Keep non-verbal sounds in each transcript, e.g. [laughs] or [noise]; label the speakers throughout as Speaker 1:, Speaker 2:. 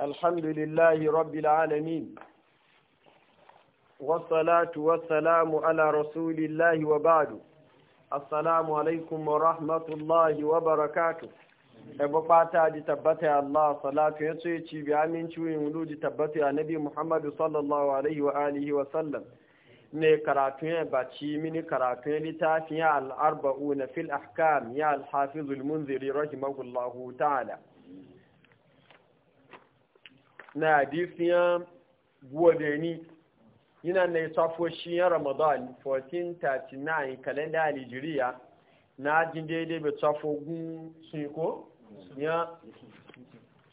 Speaker 1: الحمد لله رب العالمين والصلاة والسلام على رسول الله وبعد السلام عليكم ورحمة الله وبركاته ebo fata di tabbata ya Allah salatu ya ce ci bi aminci yin ji tabbata ya nabi Muhammad sallallahu alaihi wa alihi wa sallam ne karatu ya baci mini karatu ya littafin ya al-arba'una fil ahkam ya al al munziri rahimahullahu ta'ala na hadisiyan guwadeni yana na yi ya ramadan 1439 kalenda nigeria na ajin daidai bai safogun sun ko ya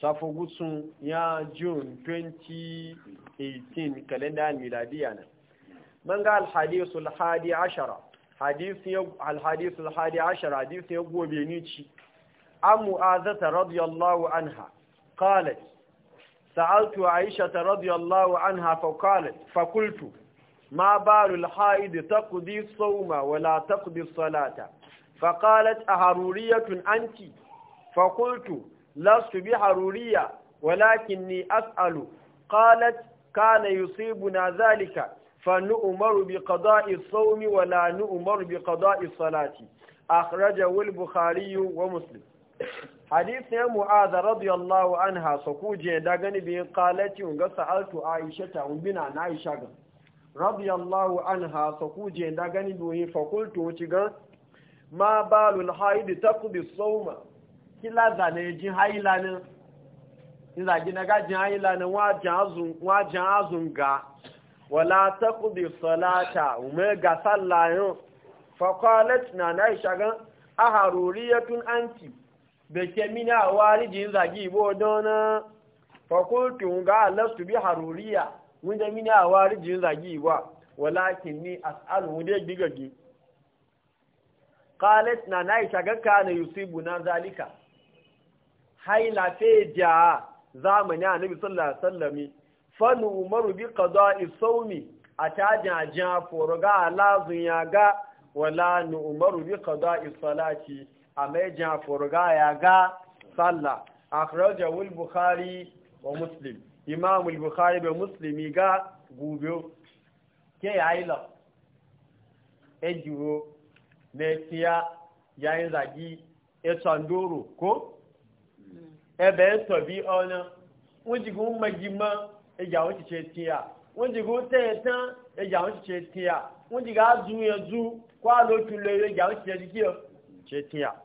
Speaker 1: safogun sun ya june 2018 kalenda miladiya na من قال الحديث الحادي عشر حديث يو... الحديث الحادي عشر حديث يقوى بنيتشي عن معاذة رضي الله سألت عائشة رضي الله عنها فقالت فقلت ما بال الحائد تقضي الصوم ولا تقضي الصلاة فقالت أهرورية أنت فقلت لست بحرورية ولكني أسأل قالت كان يصيبنا ذلك فنؤمر بقضاء الصوم ولا نؤمر بقضاء الصلاة أخرجه البخاري ومسلم hadisin mu'adha radiyallahu anha sakuje da gani bi qalati ga sa'altu aisha ta umbina na aisha ga radiyallahu anha sakuje da gani bi fakultu ci ga ma balul haid taqdi sawma kila zane jin haila ne inda gina ga jin haila wa jazun wa jazun ga wala taqdi salata umma ga sallayo faqalat na na aisha ga aharuriyatun anti beke mini a warijin zagi ibo dona fakultun ga alastu bi haruriya wunde mini a warijin zagi ibo walakin ni as'alu wunde gigagi qalat na naisha ga kana yusibu na zalika haila fe ja zamani annabi sallallahu alaihi wasallami fanu umaru bi qada'i sawmi ataja ja foroga lazun ya ga wala nu umaru bi qada'i salati a mejan furga ya ga sallah akhraja wal bukhari wa muslim imam al bukhari be muslimi ga gube ke ayila la ejuro ne tiya yayin zagi e tsandoro ko ebe to bi ona wujigun magima e jawo ti ce tiya wujigun te tan e jawo ti ce tiya wujiga zu yanzu kwa lo tun le jawo ti ce tiya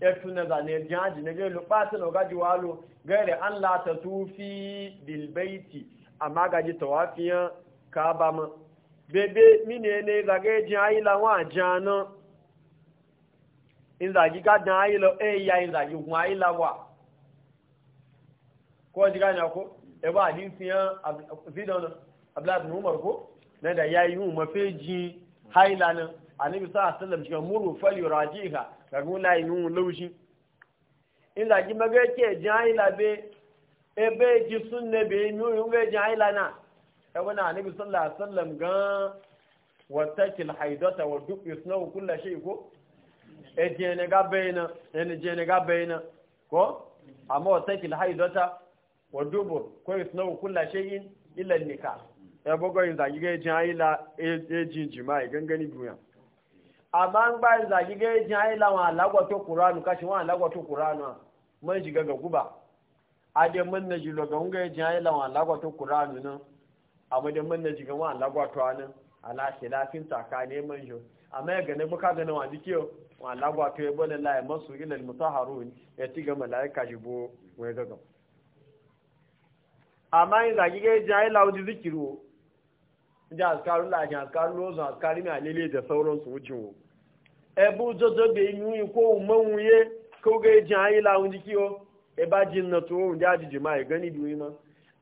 Speaker 1: ẹtù na zane jaji na gailu ɓata na gaji walo gaire an lata tufi bilbaiti amma gaji tawafiyan ka ba ma bebe mine ne zage jin ayila wa jana in zagi gadan ayila e eh, ya in zagi kuma ayila wa ko ji gani ko e ba din fiyan zidon abdullahi umar ko na da yayi mu mafeji haila nan annabi sa a sallam cikin muru fali rajiha ga gula yi nun laushi in zagi maga yake jahila be ebe ji sunne be nu yunga jahila na ya wani annabi sallallahu alaihi wasallam ga watakil haidata wa duk yusnau kullu shay ko e jene ga bayna en jene ga bayna ko amma watakil haidata wa dubu ko yusnau kullu shay'in illa nikah ya e bogo in zagi ga jahila e, e jinjima ganganin duniya amma in bayan zagi ga yajin haila wa lagwato ƙuranu kashi wa lagwato ƙuranu man shiga ga guba a da man na jilo ga hunga yajin haila wa lagwato ƙuranu nan amma da man na jiga wa lagwato nan ala khilafin takane man jo amma ya gani buka gane wa jike wa lagwato ya bane la ya masu ila mutahharun ya ci ga malaika shi bo wai gaga amma in zagi ga jin aila wa zikiro ndị azkarun laji azkarun lozun azkarun mai alele da sauransu wucewo ebe ujojo da yi nwunye ko umarwunye ko ga eji anyị lawun jiki o ebe ndị ajiji ma gani biyu ma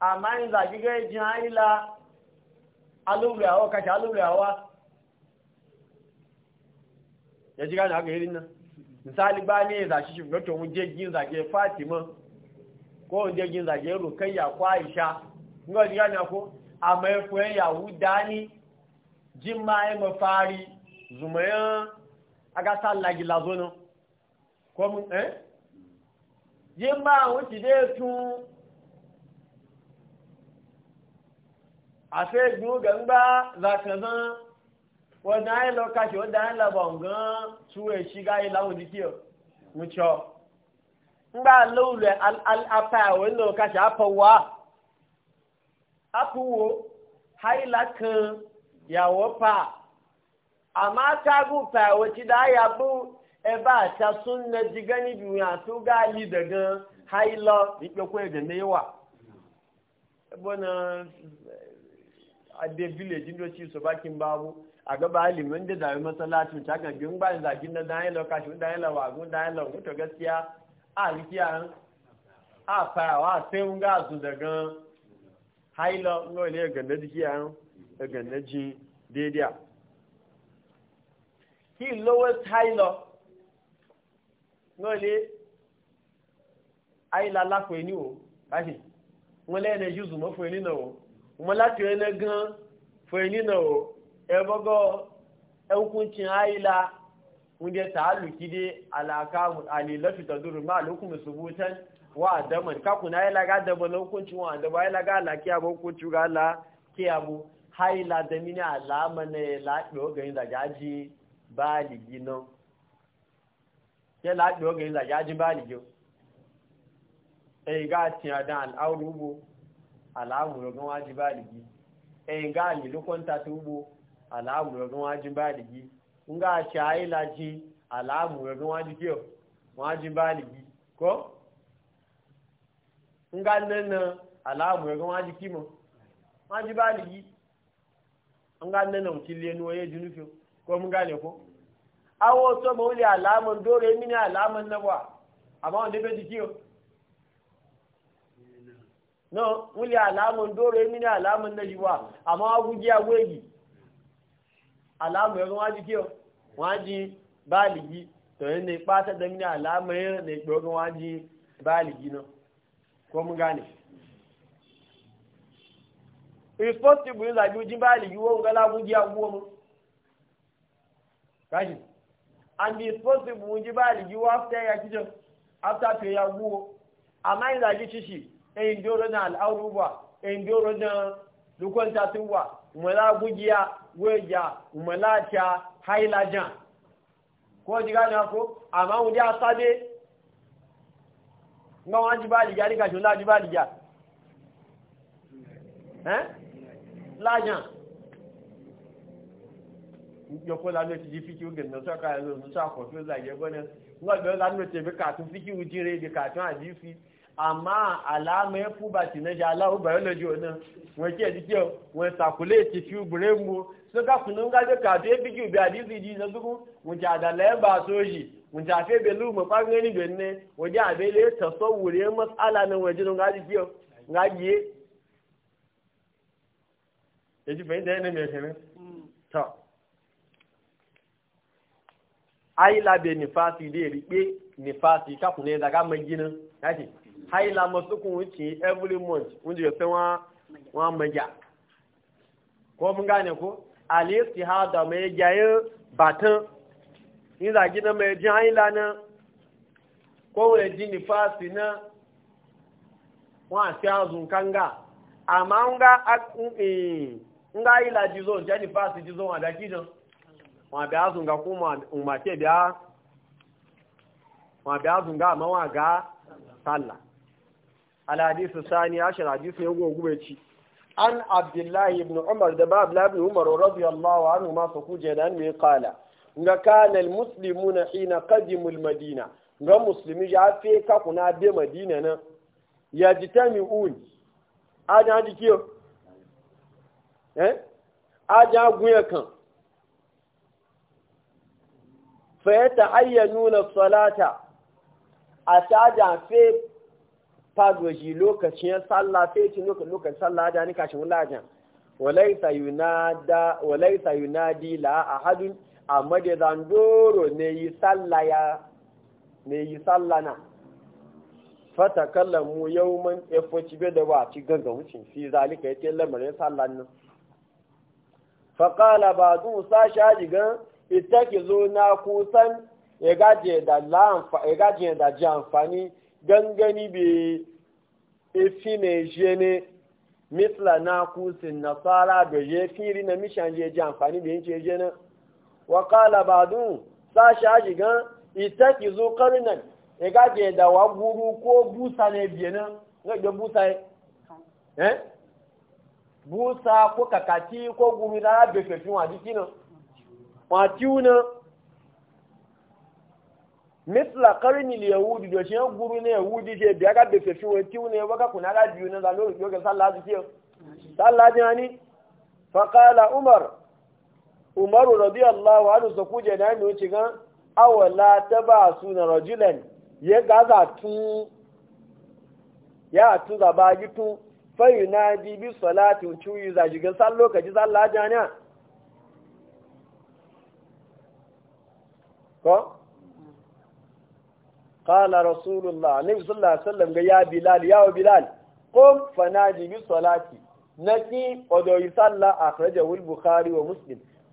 Speaker 1: amma na zagi eji anyị la kacha ya ji gani aga yi misali ba ne za shi shiga to mun jirgin fatima ya ẹ̀fọ́ ẹ̀yàwó dání jí máa ẹ mọ̀ fàárí zùmọ̀yán agásá lagi lásánà kọmù ẹ́ jí máa wọ́n ti dé tún àfẹ́gbùn gẹ̀ngbá zàkànzán wọ́n dá ẹ̀ lọ kàṣẹ̀ wọ́n dá ẹ̀ lọ́bọ̀ gan tú ẹ̀ṣí gáyé láwọn díkì ọ̀ mú chọ́ ngbà lóòlẹ̀ apá wo haila kan yàwó pa àmọ́ akágùn fa ẹ̀wọ̀ ti dá yàbú ẹbá àtàsún na jigá níbi wọn àti ó gá yí dẹ̀gan haila ko ẹ̀dẹ̀ ní wà ẹgbọ́nà adé village haila ngo ne ga na jiki an ga na ji daidai ki lowest haila ngo le haila la ko ni o ba shi ngo le ne yuzu mo fo ni na o mo la ti ne gan fo ni na o e go, e hukuncin haila mun de ta haluki dai alaka alilatu taduru ma lokum subutan wa daman kaku na yala ga daba na hukunci wa da ba yala ga alaki abu hukunci ga ala ke abu haila da mini alama na ya laɗi ogayin da gaji ba ligi nan ya laɗi ogayin da gaji ba ligi ɗaya ga tiya dan al'auru ubo al'amuru gan waji ba ligi ɗaya ga alilukon ta tubo al'amuru gan waji ba ligi in ga shi haila ji al'amuru gan waji kiyo waji ba ligi ko nga nana alamu yaga waji kimo waji baligi nga nana mutile nuwa ya junufi ko mun gane ko awo to mauli alamun dore mini alamun na ba amma wanda bai jikiyo no muli alamun dore mini alamun na jiwa amma agugi awegi alamu yaga waji kiyo waji baligi to ne pata da mini alamun ne dogon waji baligi no ko mun gane is possible yin zabi ujin ba ligi wo ngala bu giya wo mu kaji and is possible ujin ba ligi wo after ya kijo after pe ya wo amma yin zabi chishi e ndoro na al'auru ba e ndoro na dukwan tatuwa umala gujiya weja umala cha hailaja ko jiga na ko amma ujin asabe nga wọn ajú báàlì já ní kàṣọ láàjú báàlì já ẹ́n láàyàn yọkọ́ lánàá ti di fíkí ó gẹ̀ẹ́nà sọ́kà ẹ̀rọ òṣìṣẹ́ àkọ́fẹ́ ìlàjẹ́ gbọ́nà wọ́n gbẹ̀rẹ̀ lánàá ti ẹ̀bí kàtún fíkí ó jíire èdè kàtún àdífi àmá àlàámẹ́ fúbàtì náà já aláwọ̀ bàyọ́lọ́jì ọ̀nà wọ́n kí ẹ̀dí kí ọ wọ́n sàkúlẹ̀ ti fi gbèrè mú sọ́kà kùnú ń gájọ́ kàtún ẹ̀bí kí òbí àdífi ìdí ìsọ́gbógún wọ́n ti àdàlẹ́ bá a wunjafe belu mu fangani benne waje abele tasawure mas'ala na waje nan gaji kiyo gaji yaji bai da ne me kenan to ai la be ni fasi de ripe ni fasi ka kunne daga magina yaji hai la masukun wuce every month Mun ya san wa wa maja ko mun gane ko al mai jaye batan in gị na mai jin haila na kowane ji nifasi na wọn àti azùn kanga àmà nga ga haila jizo zo jẹ́ nifasi ji zo wọn àdájí jan wọn àbí ga kún nga àti ga talla sani ashir hadisu ya gogu bai an abdullahi ibn umar daba abdullahi ibn umar radiyallahu anhu kala nga kana almuslimuna hina qadimu almadina nga muslimi ya fe ka kuna be madina na ya jitami un aja dikio eh aja guya kan fa yata'ayyanuna salata a fe fe ji lokacin sallah fe ci lokacin sallah da ni kashin yunada walaisa yunadi la ahadun amma da zandoro ne yi ya ne yi sallana fata mu yau man efoci bai da ba ci ganga wucin fi zalika yake lamarin sallan nan faƙala ba zu sa shaji gan ita ki zo na kusan ya gaje da ji amfani gangani bai efi ne je ne misla na kusin nasara da je firi na mishan je ji amfani da yin ce je na wa qala ba'du sashi aji gan itakizu qarnan e ga je da wa guru ko busa ne biyana ga ga busa e. eh busa ko kakati ko guru da be fe fi wa dikino wa tiuna misla qarni li yahudi do shen guru ne yahudi je biya ga be fe fi wa tiuna ne ga kuna ga biyu na da lo yo ga sallaji ke sallaji ani fa umar umaru radiyallahu anhu sa kuje da mu wuce gan awala su na rajulan ya gaza tun ya tu za ba gi tun fa yunadi bi salati chuyi za jigan sal lokaci sallah jana ko qala rasulullah nabi sallallahu alaihi wasallam ga ya bilal ya bilal qum fanadi bi salati naki odo yi sallah akhrajahu al-bukhari wa muslim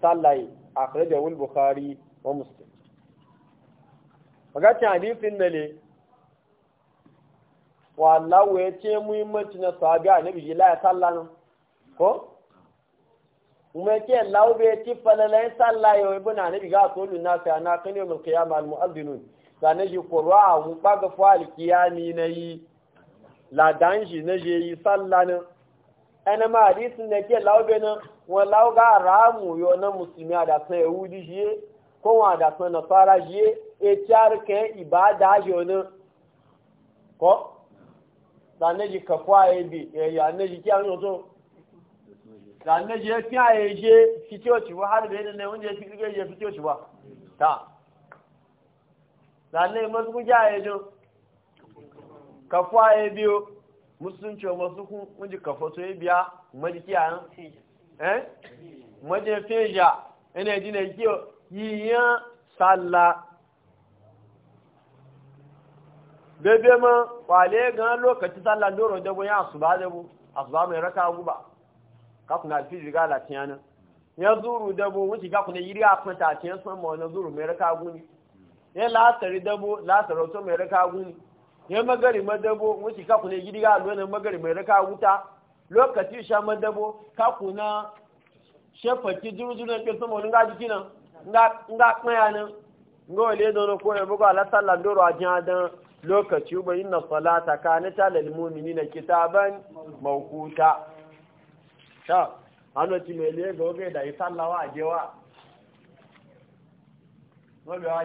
Speaker 1: sallaye a kharajar wul bukhari wa muslim magacin hadisin na ne wallahu ya ce muhimmanci na sahabi a nabi ila ya sallan ko kuma ya ce laube ya ci falalayin sallaye wa ibi na nabi ga tolin nasa ya na kane mai kiyama al-mu'azinun da na ji kurwa a mun ga fa kiyami na yi ladan na je yi sallanin ẹni máa rí sí ní ẹkẹ́ láwọ́bẹ̀ náà wọn láwọ́gá àràámù yọ náà mùsùlùmí àdàtàn ẹ̀wú dí ṣe kó wọn àdàtàn náà fara ṣe etí àríkẹ́ ìbáadá yọ náà kọ́ yi kẹfọ́ àyèbì ẹ̀yà ànẹ́jì kí àwọn tó lànẹ́jì ẹkí àyèjẹ fití òṣìwá hálùbẹ́ nínú oúnjẹ fífíkẹ́ yẹ fití òṣìwá ta lànẹ́ mọ́túkú jẹ́ àyèjọ kẹfọ́ àyèbì o. musulunci masu kunji kafa so biya maji kiyayen eh maji feja ina ji na kiyo yiyan salla bebe ma kwale gan lokaci salla doron dabo ya ba dabo ba mai raka guba kafin alfiji ga latiyanin ya zuru dabo wuce ga kuna yiri a kuma a sun ma wani zuru mai raka guni ya latari dabo lasari mai raka guni ya magari madabo wuce kaku ne gidi ga lona magari mai raka wuta lokaci sha madabo kaku na shafaki jirgin ke sama wani gaji kinan nga kpaya nan nga wale dono ko ya bugu ala sallan doro a jin adan lokaci ba inna salata kanata lil na kitaban ta ano ti mele go ge da isallawa ajewa wa da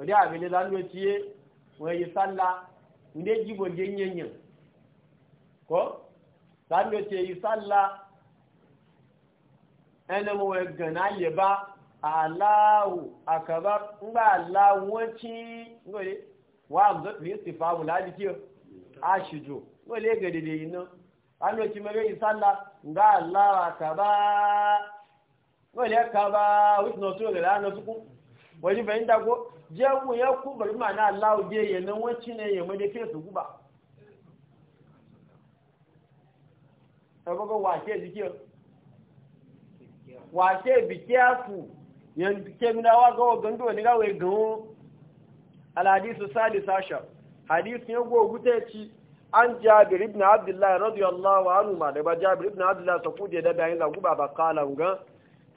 Speaker 1: wani abin da za mu yi salla inda ji bonjen ko za mu ce yi salla ẹni mo gana yẹ ba aláwò àkàbá ńgbà aláwọ̀ tí ngọ́lé wà ní ti fàáwù láti kí aṣìjò ngọ́lé gẹ̀dẹ̀dẹ̀ iná wọ́n ló ti mẹ́rẹ́ ìsálà ńgbà aláwọ̀ àkàbá ngọ́lé kàbá wítìnà tó rẹ̀ lánà tukú wajen fahimta ko jamu ya ku bari na Allah biye ya nan wacce ne ya mada fiye su guba saboda wace jike wace bikiya su yanzu ke minawa ga wagan do ni gawe gawo alhadisu salisa sasha hadisu ya go gute ci an jabir ibn abdullahi radiyallahu anhu ma da ba jabir ibn abdullahi sakuje da bayan zaguba ba kala ngan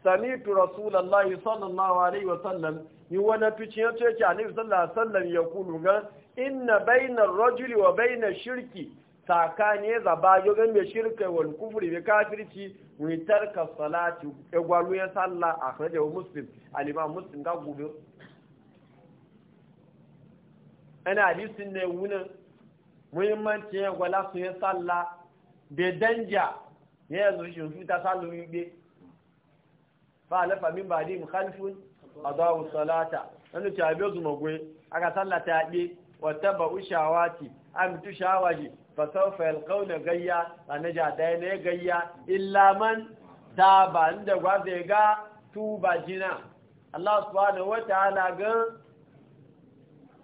Speaker 1: samitu rasulullahi sallallahu alaihi wa sallam ni wani ya tuciyar cece alaihi sallallahu sallam ya kulu ga inna bainar rajuli wa bainar shirki tsakani ya zaba yogan mai shirka wal kufri bi kafirci witar ka salati gwalu ya salla a kaje wa muslim alima muslim ga gudu ana hadisin ne wuna muhimmanci ya gwala su ya salla bai danja ya yanzu shi ta salla yi fa'alafa min ba di mukhalifun adawu salata wani tabe zuma gwe aka sallata ɗe wata ba ushawati amtu shawaji fa sawfa yalqawna gayya anaja dai ne gayya illa man taba inda gwaze ga tuba jina Allah subhanahu wa ta'ala ga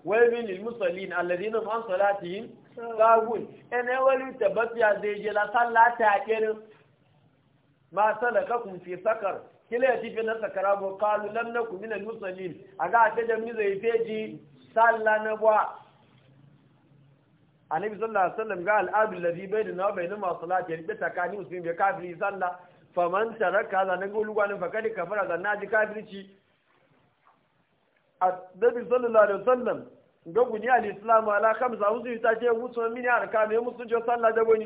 Speaker 1: wailun lil musallin alladhina an salatihim sahun ene wali tabatiya zai je la sallata kirin ma kun fi sakar kila ya tifi na sakara kalu lam naku min al musallin aga ta da mi zai feji salla na bwa annabi sallallahu alaihi wasallam ga al da alladhi bainana wa bainama salati yadda takani muslim bi kafiri salla faman taraka za nan gulu gwanin fakad kafara za naji kafirci annabi sallallahu alaihi wasallam ga guni al islam ala khamsa musu ta ce musu min arkan musu jo salla da boni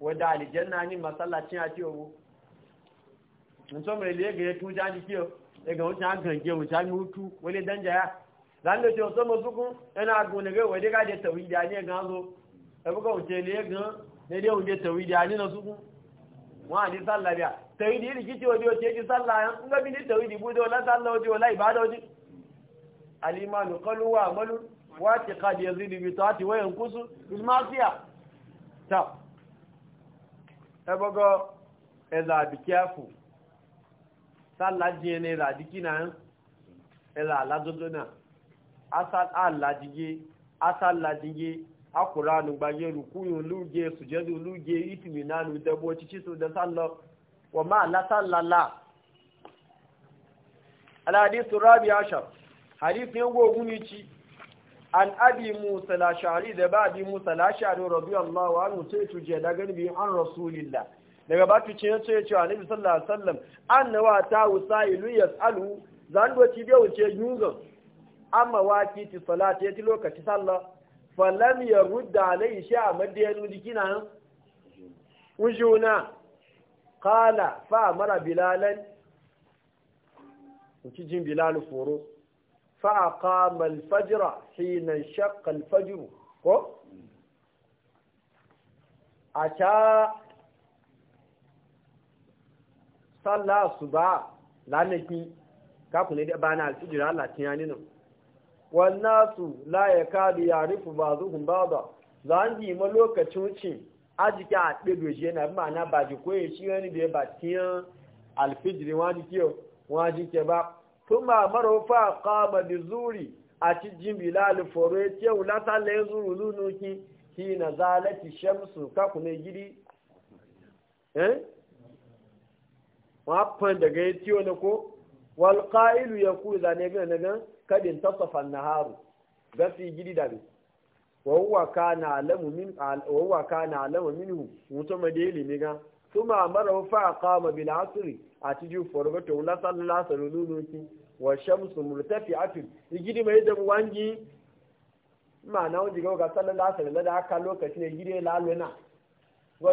Speaker 1: wadda alijanna ni masallacin a ciwo in so mai lega ya tuja ji kiyo daga wancan an gange wancan mutu wani danja ya zan da cewa sama suku yana gona ga wadda ga da tawi da ne ga zo da buga wuce ne ga ne dai wuce tawi da ne na suku wa ni sallah biya tawi da rikici wadi wace ji sallah yan kun ga bi ni tawi di bude wala sallah wadi wala ibada wadi al-imanu qalu wa amalu wa tiqad yazidu bi taati wa yanqusu bil ma'siyah ta ebogo eza be careful sala jene eza dikina eza ladodo na asal aladiye asal ladiye akuranu gbaye rukuyun luje sujedu luje itimi nanu debo chichi so da sallo wa ma la sallala al hadith rabi ashar hadith yango an abi musa la shari da ba abi musa la shari rabi Allah wa anu sai tuje da ganbi an rasulillah daga ba tu ce ce cewa nabi sallallahu alaihi wasallam nawa ta usailu yasalu zan do ti biyo ce yungan amma waki ti salati ya ti lokaci sallah falam yarudda alai sha madiyanu dikina wujuna qala fa mara bilalan ki jin bilal foro فأقام الفجر حين شق الفجر أتى صلى الصباح لانكي كاكوني دي بانا الفجر الله تياني والناس لا يكاد يعرف بعضهم بعضا zanji ma lokacin cin ajiki a ɗigo shi yana ma'ana ba ji koyi shi wani da ya ba tiyan alfijiri wani kiyo wani ke ba tuma maro fa qama bi zuri a ci jin bilal foro ya wula ta le zuru lunuki ki na zalati shamsu ka kuma gidi eh wa pan daga yati wala ko wal qailu yaqulu da ne ga nan kadin tasafa naharu gafi gidi da bi wa huwa kana alamu min wa huwa kana alamu minhu mutum da ilimi ga tuma maro fa qama bil asri àti ju fọ̀rọ̀gọ́ tó lásánlá sọ̀rọ̀ lónìí wọ̀n ṣẹ́mùsùn mùrùtẹ́fì àtù ìgídí mai da wangi ma'ana wọ́n jiga ga sánlá sọ̀rọ̀ da aka lokaci ya gidi lalo na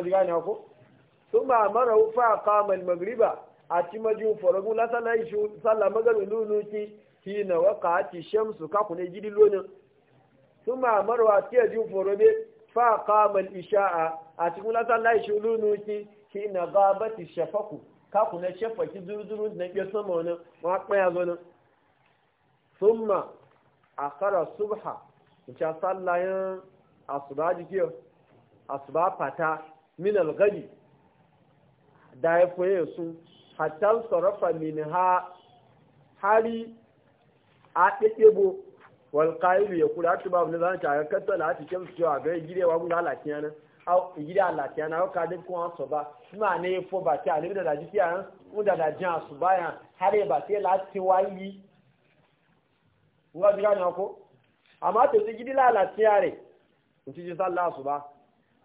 Speaker 1: jiga ne ko sun ba mara fa kamal magriba àti maju fọ̀rọ̀gọ́ lásánlá iṣu sálà magarin lónìí kí na waka àti ṣẹ́mùsùn kakùn ne gidi lónìí sun ba mara wa tiya ju fọ̀rọ̀gọ́ fa kamal isha'a àti mú lásánlá iṣu lónìí kí na gabati shafaku kaku na shefa ki duru-duru na ɓe sama wani ma kwaya zonin summa a kara subha wuce sallayen asuba jike asuba fata min gadi da ya foye su hatan sarrafa min ha hari a ɗiɗɗibo wal ya kula ta babu na zan ta ga kasala a cikin su cewa ga gidewa guda lafiya gida latiya na yauka duk kuma so ba suna ne fo ba ta alibi da daji kiyayen wanda da jiya su bayan har ba sai la ti wa yi. jira ne ko A ma to ji gidi la lafiya re in ci ji sallah su ba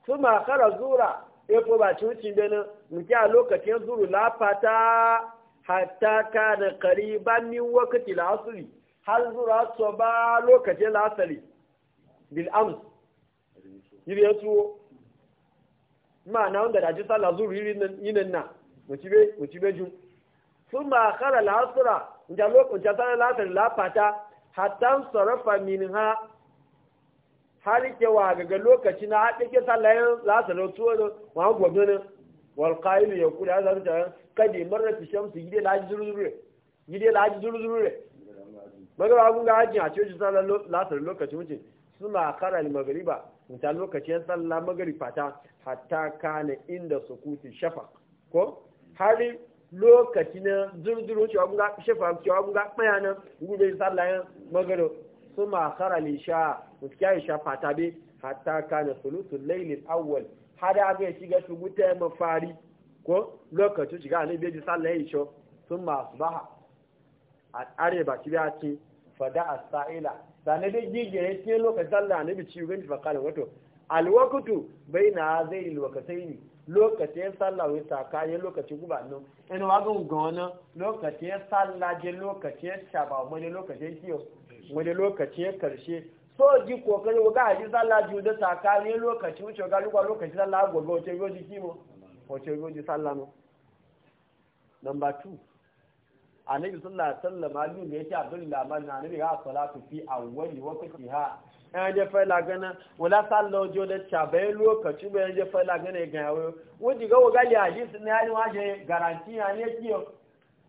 Speaker 1: kuma kara zura e fo ba na, benin mu a lokacin zuru la ka hatta kana qariban min wakati la asri har zura so ba lokacin la asri bil amr yi ya tuwo ma na wanda da ji sallah zuri yinan na mutibe mutibe jun sun ma kara la'asura inda lokacin sallah la'asar lafata hatan sarrafa min ha har kewa daga lokaci na haɗe ke sallayen lasar tuwon ma gwamnati wal qailu yaqulu hadha ta kadi marrat su gide la zurure gide la zurure magaba abin ga hajin a cikin sallar la'asar lokacin mutum suna kara al-maghriba mutan lokacin sallah magarifata hatta kana inda sukuti shafa ko hali lokaci na zurzurin cewa ga shafa cewa ga tsaya nan gube sallah ya magaro ma khara li sha mutkiya shafa tabe hatta kana sulusul layl awwal hada ga shiga tuguta mafari ko lokaci shiga ne beji sallah yi sho suma asbaha a arewa ba ci fada a saila sane dai ya ce lokacin Allah na bici gani fa kala wato alwakutu bai na zai yi lokacin lokacin sallah wai saka ya lokacin guba no ina wagon gona lokacin sallah je lokacin shaba wani lokacin kiyo wani lokacin ya karshe so ji kokari ga haji sallah ji da saka ne lokacin wuce ga lokacin lokacin sallah gobe wace goji kimo wace goji sallah no number 2 annabi sallallahu alaihi wasallam aliyu da yake abdul laman na annabi ga salatu fi awwali wa fiha an je fa lagana wala jo da chabe lokaci ba an je fa lagana ga yawo wodi ga waga li hadis ne ali wa je garanti ne kiyo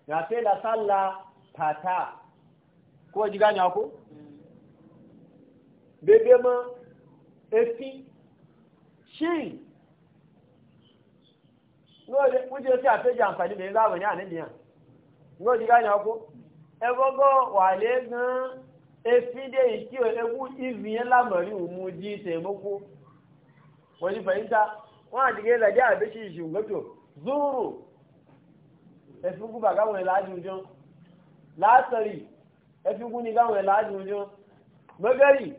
Speaker 1: ya sai e la salla tata ko diga nya ko bebe ma efi shin no le wodi o ti ngo diga nya ko egogo wale gan efide ikio ewu iviyen lamori umu ji temoko wani fahimta wọn àdìgẹ́ ìlàjẹ́ àbẹ́ṣì ìṣìngọ́tò zúrù ẹ̀fíkú bà káwọn ìlàájújọ́ látọ̀rì ẹ̀fíkú ní káwọn ìlàájújọ́ gbẹ́gẹ́rì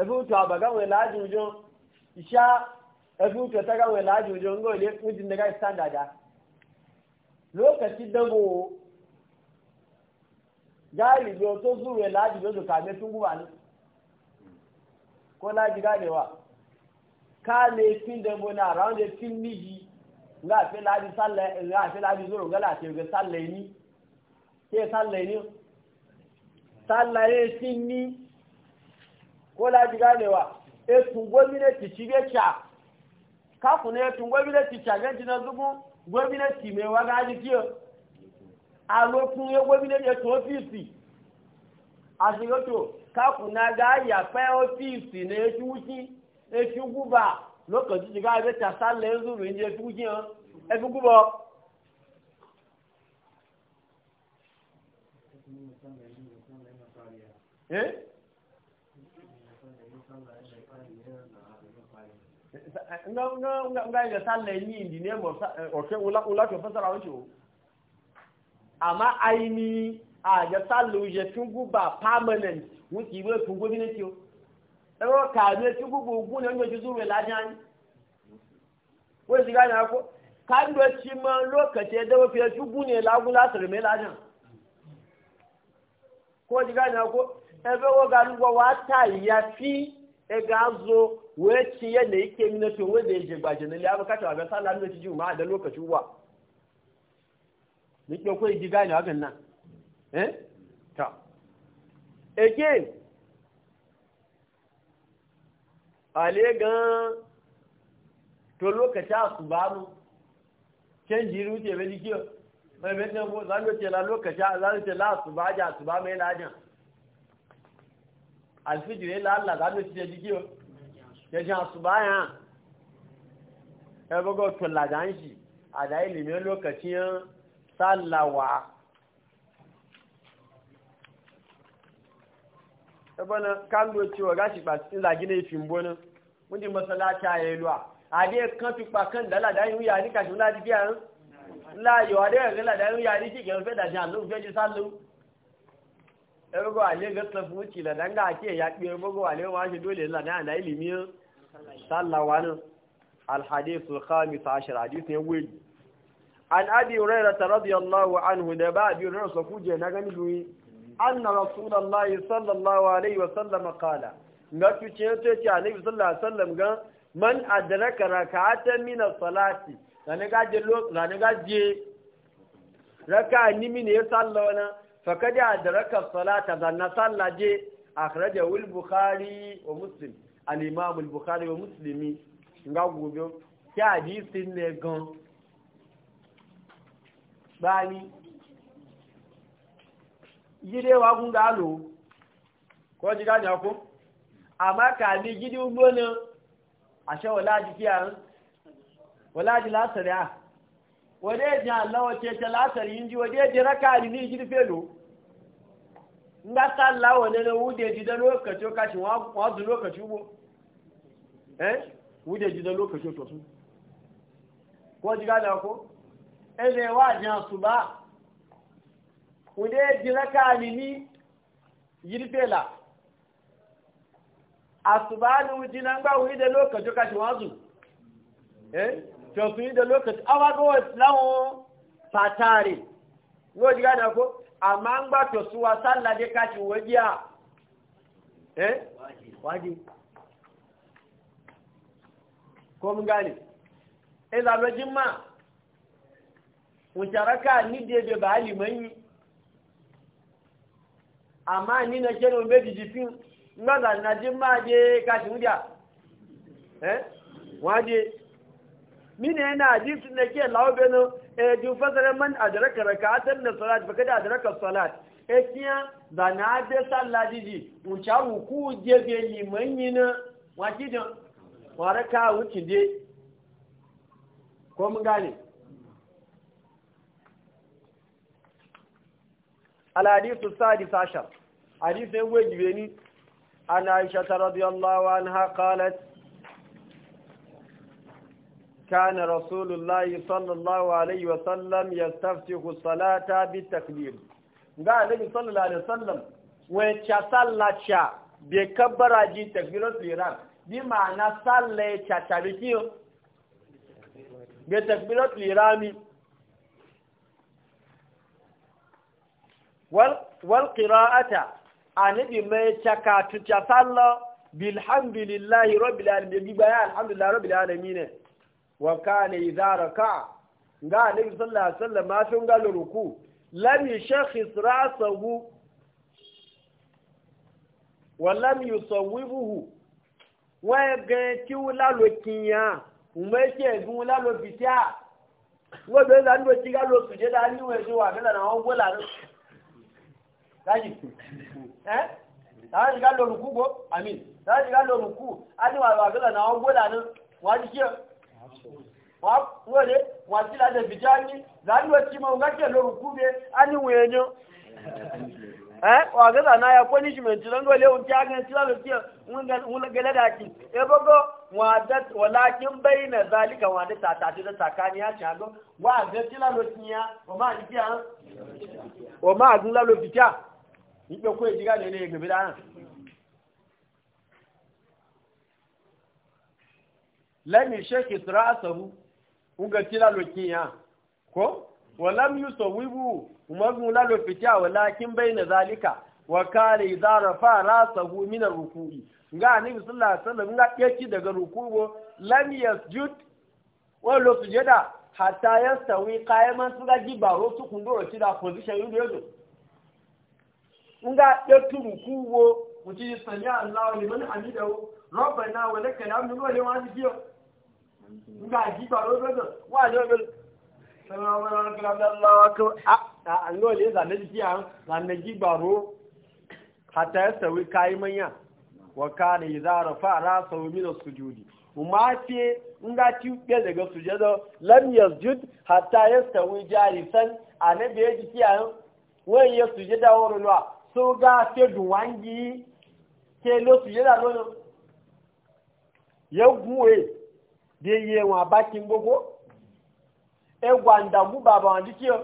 Speaker 1: ẹ̀fíkú tó àbà káwọn ìlàájújọ́ ìṣá ẹ̀fíkú tó ẹ̀tá káwọn ìlàájújọ́ ńgọ́ ilé fún ti nẹ́gá ìsàndàdà lókàtí dánwò Gari bí o tó zúrò ẹ̀ láàjì lóṣù kàgbé tún gùn wà ní kó láàjì gáàlì wà káàlì fín dẹ̀mbó ní nga lè fín níyì ńlá àfẹ́ láàjì sálẹ̀ ńlá ni, láàjì zúrò ńlá àti ògè sálẹ̀ ní kí ẹ sálẹ̀ ní sálẹ̀ yẹn fín ní kó láàjì gáàlì wà ètùn gómìnà tìṣí bẹ́ẹ̀ ṣà káfùnà ètùn o. alokun ewé méjèèjì tó ọ́fíìsì àṣeyọ́tò kákùnà gáyà pẹ́ ọ́fíìsì ní eṣú wúkí eṣú gúbà lókàn títí gáyà bẹ́ẹ̀ tàṣà lẹ́zùrù ní eṣú wúkí hàn eṣú gúbọ̀. nga nga nga nga sallah yin di ne mo ọ̀kẹ́ wula wula tó fasara wọn ṣe o. amma aini a ya sallu ya tungu ba permanent wọ́n ti wé fún gómìnà tí ó ẹ̀rọ kàwé tí gbogbo ogun ní ọjọ́ ìṣúrù rẹ̀ lájá ní wọ́n ti gáyà kó káńdọ̀ tí mọ́ lókàtí ẹ̀dẹ́wọ́ fi ẹṣú gún ní ẹ̀lágún látìrì mí lájá kó ti gáyà kó ẹgbẹ́ wọ́n ga lúgbọ́ wá tà ìyá fí ẹ̀gá zo wọ́n ti yẹ́ ní ike mi náà tó wọ́n lè jẹ̀gbàjẹ̀ nílé abúkátà àbẹ́sálà ní ojú máa dẹ́ lókàtí wà. ni ke ko ji gane hakan na eh ta again ale gan to lokaci su ba mu canji rute bai jikiyo mai bai nan za mu ce la lokaci za mu ce la su ba ja su ba mai lajan alfijir la Allah za mu ce jikiyo ya jan su ba ya ya bugo to lajan shi a da ilimin lokacin sallawa ɗabanin kando cewa gashi ba cikin yi luwa a kan fi kan da ladayin wuya ni kashi wula wuya ni da jan da danga ake ya dole ilimi sallawa alhadisul khamis ashir wuli an abi hurairata radiyallahu anhu da ba abi hurairata sa kuje na gani duyi anna rasulullahi sallallahu alaihi wa sallam qala ga tuce tuce annabi sallallahu alaihi wasallam ga man adraka rak'atan min as-salati ga je rani gaje ga je. raka ni min ya Fa sallawana fakad adraka salata zanna sallaje akhrajahu al-bukhari wa muslim al-imam al-bukhari wa muslimi ga gobe ki hadisin ne gan bani gide wa gun galo ko ji ganya ko amma ka ni gidi ugbona ashe wala ji kiya wala ji lasari a wade ji Allah ce, ta lasari inji wade ji raka ni gidi felo nga sallah wani na wude ji da lokaci kashi wazu lokaci bo eh wude ji da lokaci to su ko ji ganya ko ẹ̀rẹ̀ wà jẹ́ àṣùbá kùdé a ní ní yìrìfẹ́là àṣùbá ní jìnà ń gbá wí dẹ lókàjọ́ kàṣì wọ́n zù ẹ́ tọ̀tún yí dẹ lókàjọ́ awágọ́wọ̀ láwọn pàtàrí yóò jí gádà kó àmá ń gbá tọ̀tún wa sálàdé kàṣì wọ́n jí à ẹ́ wájí kó mú gánì ẹ̀ làlọ́jí wucaraka ni dede ba limanyi amma ni na kere mbe jijifin ngana na ji ma je kashi wuja eh waje mine yana ji sun da ke lawo beno e ju fasara man adraka rak'atan na salat fa kada adraka salat e kiya da na de sallah jiji wucawu ku je be limanyi na waje don waraka wuci je ko mun gane الحديث السادس عشر حديث وجبني عن عائشة رضي الله عنها قالت كان رسول الله صلى الله عليه وسلم يستفتح الصلاة بالتكبير قال النبي صلى الله عليه وسلم ويتصلى بكبر جي تكبيرة الإيران بمعنى صلى تشابكيو بتكبيرة الإيراني wal qira'ata anabi mai chaka tuta sallo bilhamdulillahi rabbil alamin bi baya alhamdulillahi rabbil alamin wa kana idza raka'a ga anabi sallallahu alaihi wasallam ma tun ga ruku lam yashkhis ra'sahu wa lam yusawwibuhu wa ga kiwla lokiya umeke gunla lo bitia wo be la ndo ti ga lo suje da ni we so wa be na won go láyìí ẹ́ láwọn ìgbà lórí kú gbó àmì láwọn ìgbà lórí kú á ní wàá àgbẹ̀lẹ̀ náà wọ́n gbọ́dà ní wọ́n á ti ṣe e eh wageza naya punishment lango leo mtaga silalo pia ungelele haki ebogo wadat walakin baina zalika wadat tatatu da takani ya chago wagat silalo tinya wama pia wama ìgbẹ́ kó èjì gáàlẹ̀ ilé ìgbẹ̀bẹ̀ dáhàn lẹ́mí ṣéèkì sọ́rọ̀ àṣọ̀hú ǹgẹ̀ tí lálòkì yàn kó wọ́n lámú yùsọ̀ wíwú umarun lálòfì tí lákín bai na zalika wa kare zara fara ganin suna rukuri ga daga nga yaturu kuwo muti sami Allah da liman hamidahu rabbana wa lakal hamdu wa liman hamidiyo nga ji ba ro da, wa jo ro sallallahu alaihi wa sallam akbar a an yo le za ne ji an za ne ji ba ro hatta ya sawi kai manya wa kana idza rafa ra'sa min as-sujudi kuma ce nga ci ke daga sujada lam yasjud hatta yastawi jalisan anabi ya ji kiyan wani ya sujada wurin wa tó gá tẹ́dùn wá ń yí tẹ́ lóṣù yẹ́dà lónà yẹ́gùn ẹ̀ dé yẹ wọn bá kí n gbogbo ẹgbà ǹdàgú bàbá wọn dí ọ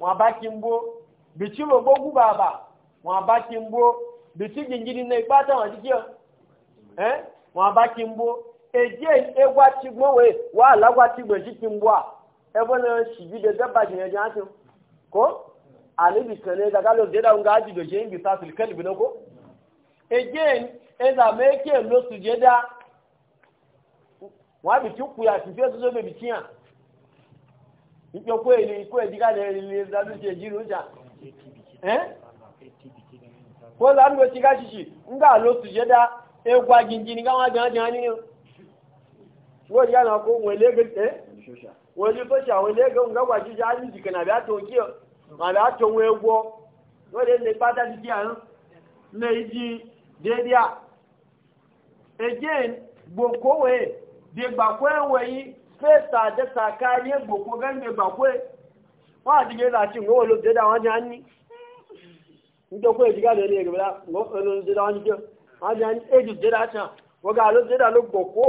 Speaker 1: wọn bá kí n gbó bìtí lògbó gú bàbá wọn bá kí n gbó bìtí gìngìrì náà ipá táwọn dí kí ọ ẹ wọn bá kí n gbó èdè ẹgbà gbó alibi kane da galo de da nga ji do bi ngi tasul kalbi na again eza meke lo wa bi ti ku ya ti fe so be bi ti an ipe ko ele ko di ka le le da du je jiru ja eh ko la nwe ti shishi nga lo su je e gwa ga wa ni wo ya na ko wele ge eh wo nga gwa ji ja ki màdà àtọ̀wọ̀ ẹgbọ́ wọ́n lè lè bá dájú kí àrùn lè jí dédé à again gbòkó wẹ̀ dìgbàkó ẹ̀wẹ̀ fesa fẹ́ẹ̀sà àjẹsà káyé gbòkó gẹ́gbẹ̀ gbàkó ẹ̀ wọ́n àdìgẹ́ láti ìwọ́ olóòtú dédé àwọn jẹ́ àní alo gboko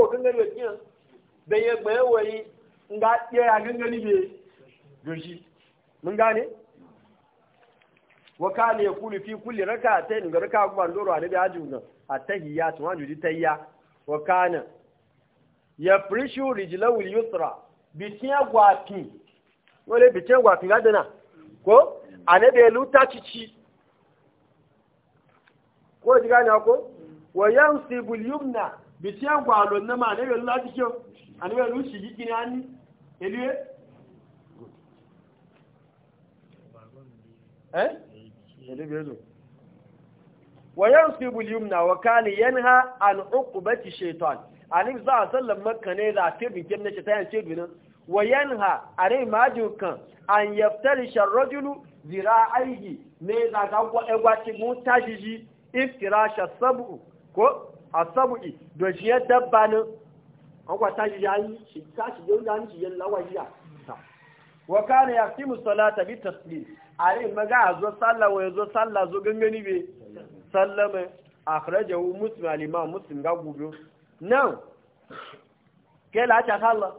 Speaker 1: wa kana kulu fi kulli rak'atayn ga rak'a kuma ndoro a da hajju na at-tahiyyat wa juji ya wa shi wuri ji al-yusra bitiya gwati wale bitiya gwati gadana ko anabe luta cici ko ji gane ko wa yansibu al-yumna bitiya gwalon na ma anabe luta cici anabe lushi gikini ani eliye eh jalibezo wayan sibul yumna wa kana yanha an uqubati shaytan alim za sallam makka ne za ta bikin na shaytan ce binin wayan ha are majukan an yaftari sharrajulu zira'aihi ne za ga ko egwati mutajiji iftirasha sabu ko asabu'i do jiya dabbanin an kwata shi ya shi shi ya shi yalla wa kana salata bi ari maga a zo sallah wa zo sallah zo gangani be sallama akhrajahu muslim al imam muslim ga gubo now la ta sallah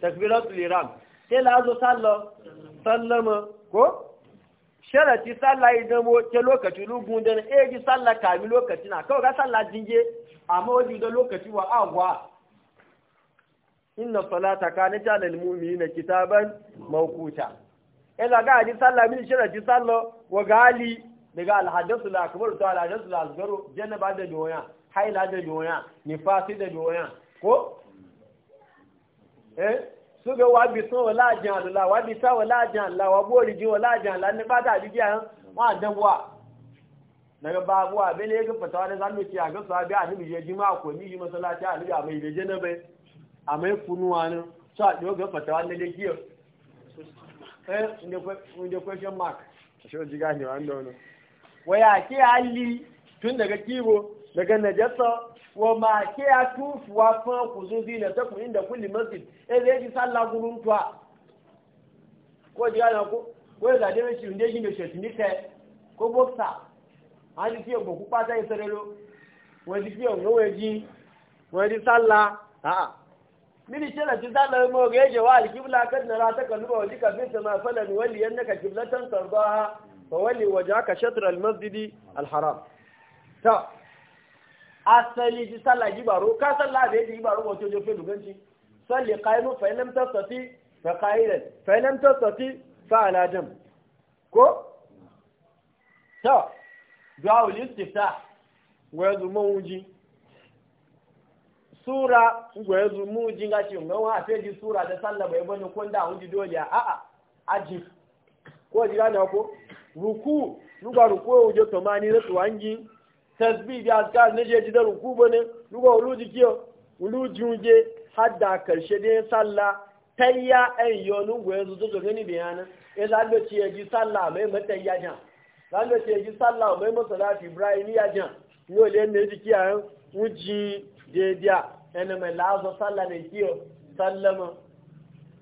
Speaker 1: takbiratul ihram la zo sallah sallama ko sharati sallah idan mo ke lokaci, lugun dan e ji sallah kami lokacin na kawai ga sallah jinje amma wajin da lokaci wa agwa inna salata kana jalal mu'minina kitaban mawquta ina ga hadisi sallah min shirati sallo wa gali daga alhadasu la akbar ta alhadasu la asgaru janaba da doya haila da doya nifasi da doya ko eh suga wa bi so wala jan Allah wa sa wala jan Allah wa bori ji wala jan Allah ne ba ta ji yan wa dan wa daga babu wa bele ga fatawa da zanu ci a ga sahabi annabi je jima ko ni ji masallaci annabi a mai da janaba a mai funuwa ne sa ga fatawa ne da jiya. eh inda question mark a shi wajen gane wa waya ke halli tun daga kibo daga najasa wa ma ke ya tufuwa kan ku zo zina ta kun inda kulli masjid eh zai ji sallah gurin tuwa ko ji gane ko ko ya zaɗe mai shirin dejin da shatinika ko boxa an ji ba ku ɓata ya sarero wani kiyon ga wani sallah a'a mini shara ci zala mu ga yaje wa kan kad nara ta kalluba wa lika bi sama falan wali yannaka kiblatan tardaha fa wali wajhaka shatr almasjid alharam ta asali ji sala ji baro ka sala da ji baro wato jojo fe luganci salli qaimu fa lam tastati fa qailan fa lam tastati fa ala jam ko ta du'a al-istiftah wa yadmu wuji sura ngwe zumu jinga ci ngwe wa feji sura da sallah bai bani ko nda hunji dole a a aji ko jiga na ko ruku nuga ruku o je to mani da to wangi tasbih da azkar ne je da ruku bane nuga uluji kiyo uluji unje hadda karshe da sallah tayya en yo nungwe zu zo gani bayanan e za lo ci ji sallah mai ya jan za lo ci ji sallah mai masalati ibrahimiya jan yo le ne jikiya wuji jebiya yana mai la'azo sallah da kiyo sallama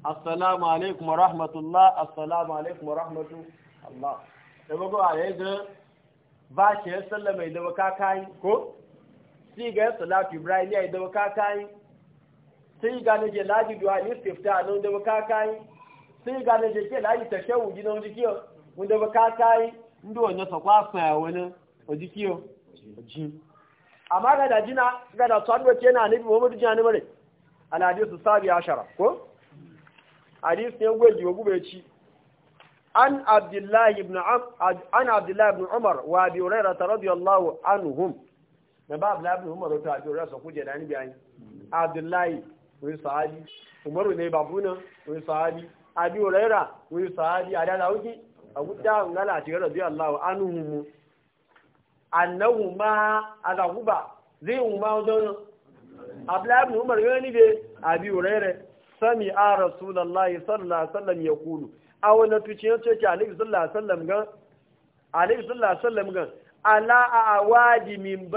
Speaker 1: assalamu alaikum wa rahmatullah assalamu alaikum wa rahmatullah da bago a yayin da ba shi ya sallama idan waka kayi ko si ga salatu ibrahim ya idan waka kayi sai ga na je laji du'a ni stifta nan da waka kayi sai ga ne je ke laji tashawu gidan jikiyo wanda waka kayi ndo wannan sakwa fa wani jikiyo ji amma ga da jina ga da su hannu kenan annabi muhammadu ne mare al su sabi ashara ko hadis ne gwaji wa gube ci an abdullahi ibn an abdullahi ibn umar wa abi hurairah radiyallahu anhum Na ba abdullahi ibn umar ta abi hurairah sun kuje da ni abdullahi wani sahabi Umar ne babuna wani sahabi abi hurairah wani sahabi adala wuki a gudda ngala ci radiyallahu anhum annahu ma azahuba zai umma wajen abu ibn umar gani ne biyu rere sami a rasulallah sallallahu alaihi ya kulu a wani tuciyar ce alaihi alif gan sallallahu alaihi gan ala a awadi min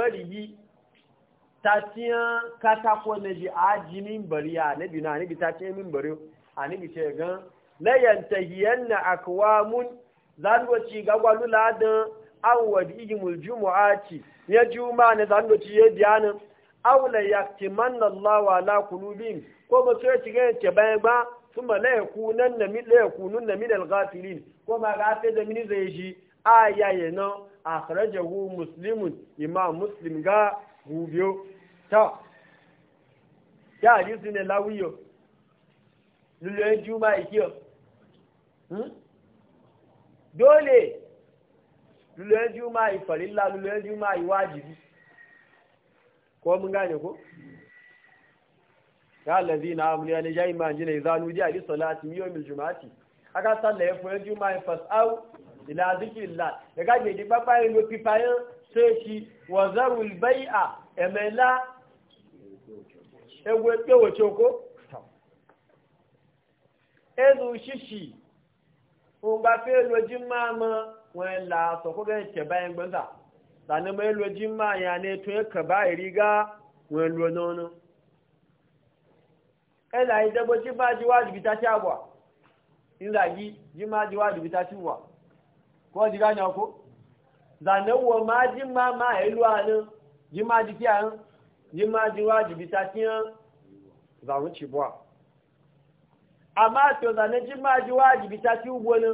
Speaker 1: ta tiya katako na ji aji min bari ya nabi na nabi ta ce min bari a nabi ce gan la yantahiyanna akwamun zan wuce gagwalu ladan awwad ijimul jumu'ati ya juma ne zan doci ya biyanin awla yaktimanna Allahu ala qulubihim ko ba so ci gane ce bayan ba kuma la yakunan na min la yakunun na min al-ghafilin ko ma ga sai da min zai shi aya ya no akhrajahu muslimun imam muslim ga gubiyo ta ya hadisi ne lawiyo lulluwa juma'a kiyo hmm? dole lulu yan juma ifarilla lulu yi juma wajibi ko mun gane ko ya allazina amanu ya nija iman jina izanu ji ali salati miyo yawmil jumati aka salla ya fuyan juma fasau ila zikrillah daga je di papa yin lo pipayan sai shi wa zarul bai'a emela ewe pe wo choko ezu shishi un ba pe lo jima ma wọ́n la sọ kó gẹ́ tẹ̀ báyẹn gbọ́ntà tàní mọ́ èlò jí máa yà ní tó báyìí rí gá wọ́n lò náà ẹ̀là ìdẹ́gbọ́ tí máa jí wájú bìtá tí a wà nígbà yí jí máa jí wájú bìtá tí wà kọ́ jí ní ọkọ́ tàní wọ́n máa jí máa máa èlò àná jí máa jí kí àán jí máa jí wájú bìtá tí hàn zàrún chibwa àmá àti ọ̀tàní jí máa jí wájú bìtá tí wọ́n náà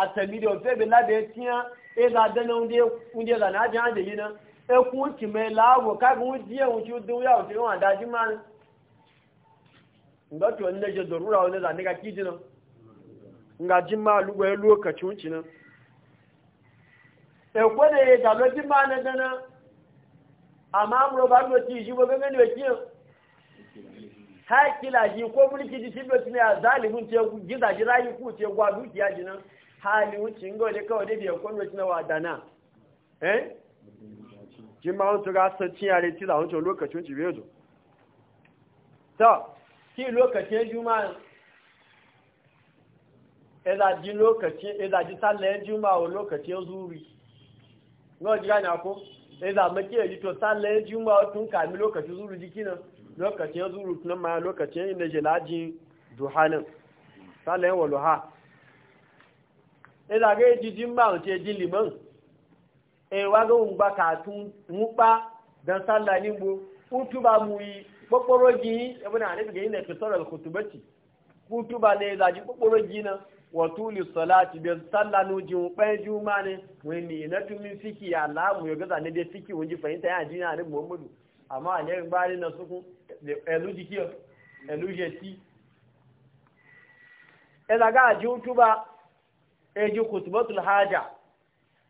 Speaker 1: atẹ̀mídìí ọ̀fẹ́ mi lábẹ́ tí wọ́n ẹ ndị dẹ́nu oúnjẹ lànà ájá àjẹ́ na náà ẹkùn tìmẹ̀ láàwọ̀ káàkùn díẹ̀ ohun tí ó dé wíyàwó tí wọ́n àdájú máa ń ndọ́tí wọn lẹ́jọ dọ̀rúra wọn lẹ́la nígbà na jìnà nga jí máa lúgbọ́ ẹlú dàbẹ́ máa àmọ́ bá lọ sí yìí kó múlíkì ti síbẹ̀ àzáàlì fún ti ẹkú hali wuce ngo ne kawai da biyan kwanwa na dana eh jin ma wancan ga san cin yare tila wancan lokacin ci bezo ta ki lokacin juma'a ezaji eh, lokacin ezaji eh, juma wa lokacin zuri ngo jira na ko eza eh, maki yaji to sallan wa tun kami lokacin zuri jikinan lokacin zuri tunan ma lokacin inda jelaji duhanan sallan waluha ezage jijin ma ce ji liman e waga un ba katun mupa dan sallah ni e bo kutuba mu yi kokoro ga yin kisar kutubati kutuba ne zaji kokoro ji na wa ne na tumi fiki ya la mu yoga zane de fiki ne ne eji kutubatul haja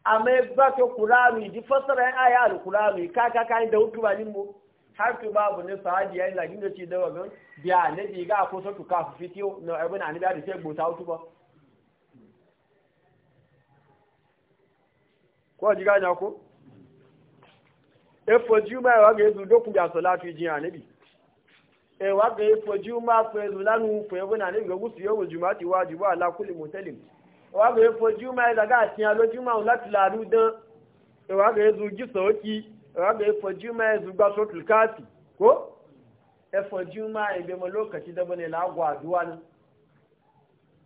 Speaker 1: amma ba ke kuranu ji fasara yan aya al-kuranu ka ka kan da hutuba nin mu har tu babu ne sahabi yayin lagin da ci dawa gan biya ne bi ga ko so tu ka fitiyo no ibn anabi da ce gbota hutuba ko ji ganya ko e foju ma e wa ga ezu dokun ya salatu ji anabi e wa ga e foju ma pe lanu pe ibn anabi ga gusu yawul jumati wajibu ala kulli mutalim wa ga yefo juma ya daga tiya lo juma un lati laru dan e wa ga yezu ji soki e wa ga fo juma ya zuga so kati ko e fo juma e be mo lokaci da bane la gwa duwa ne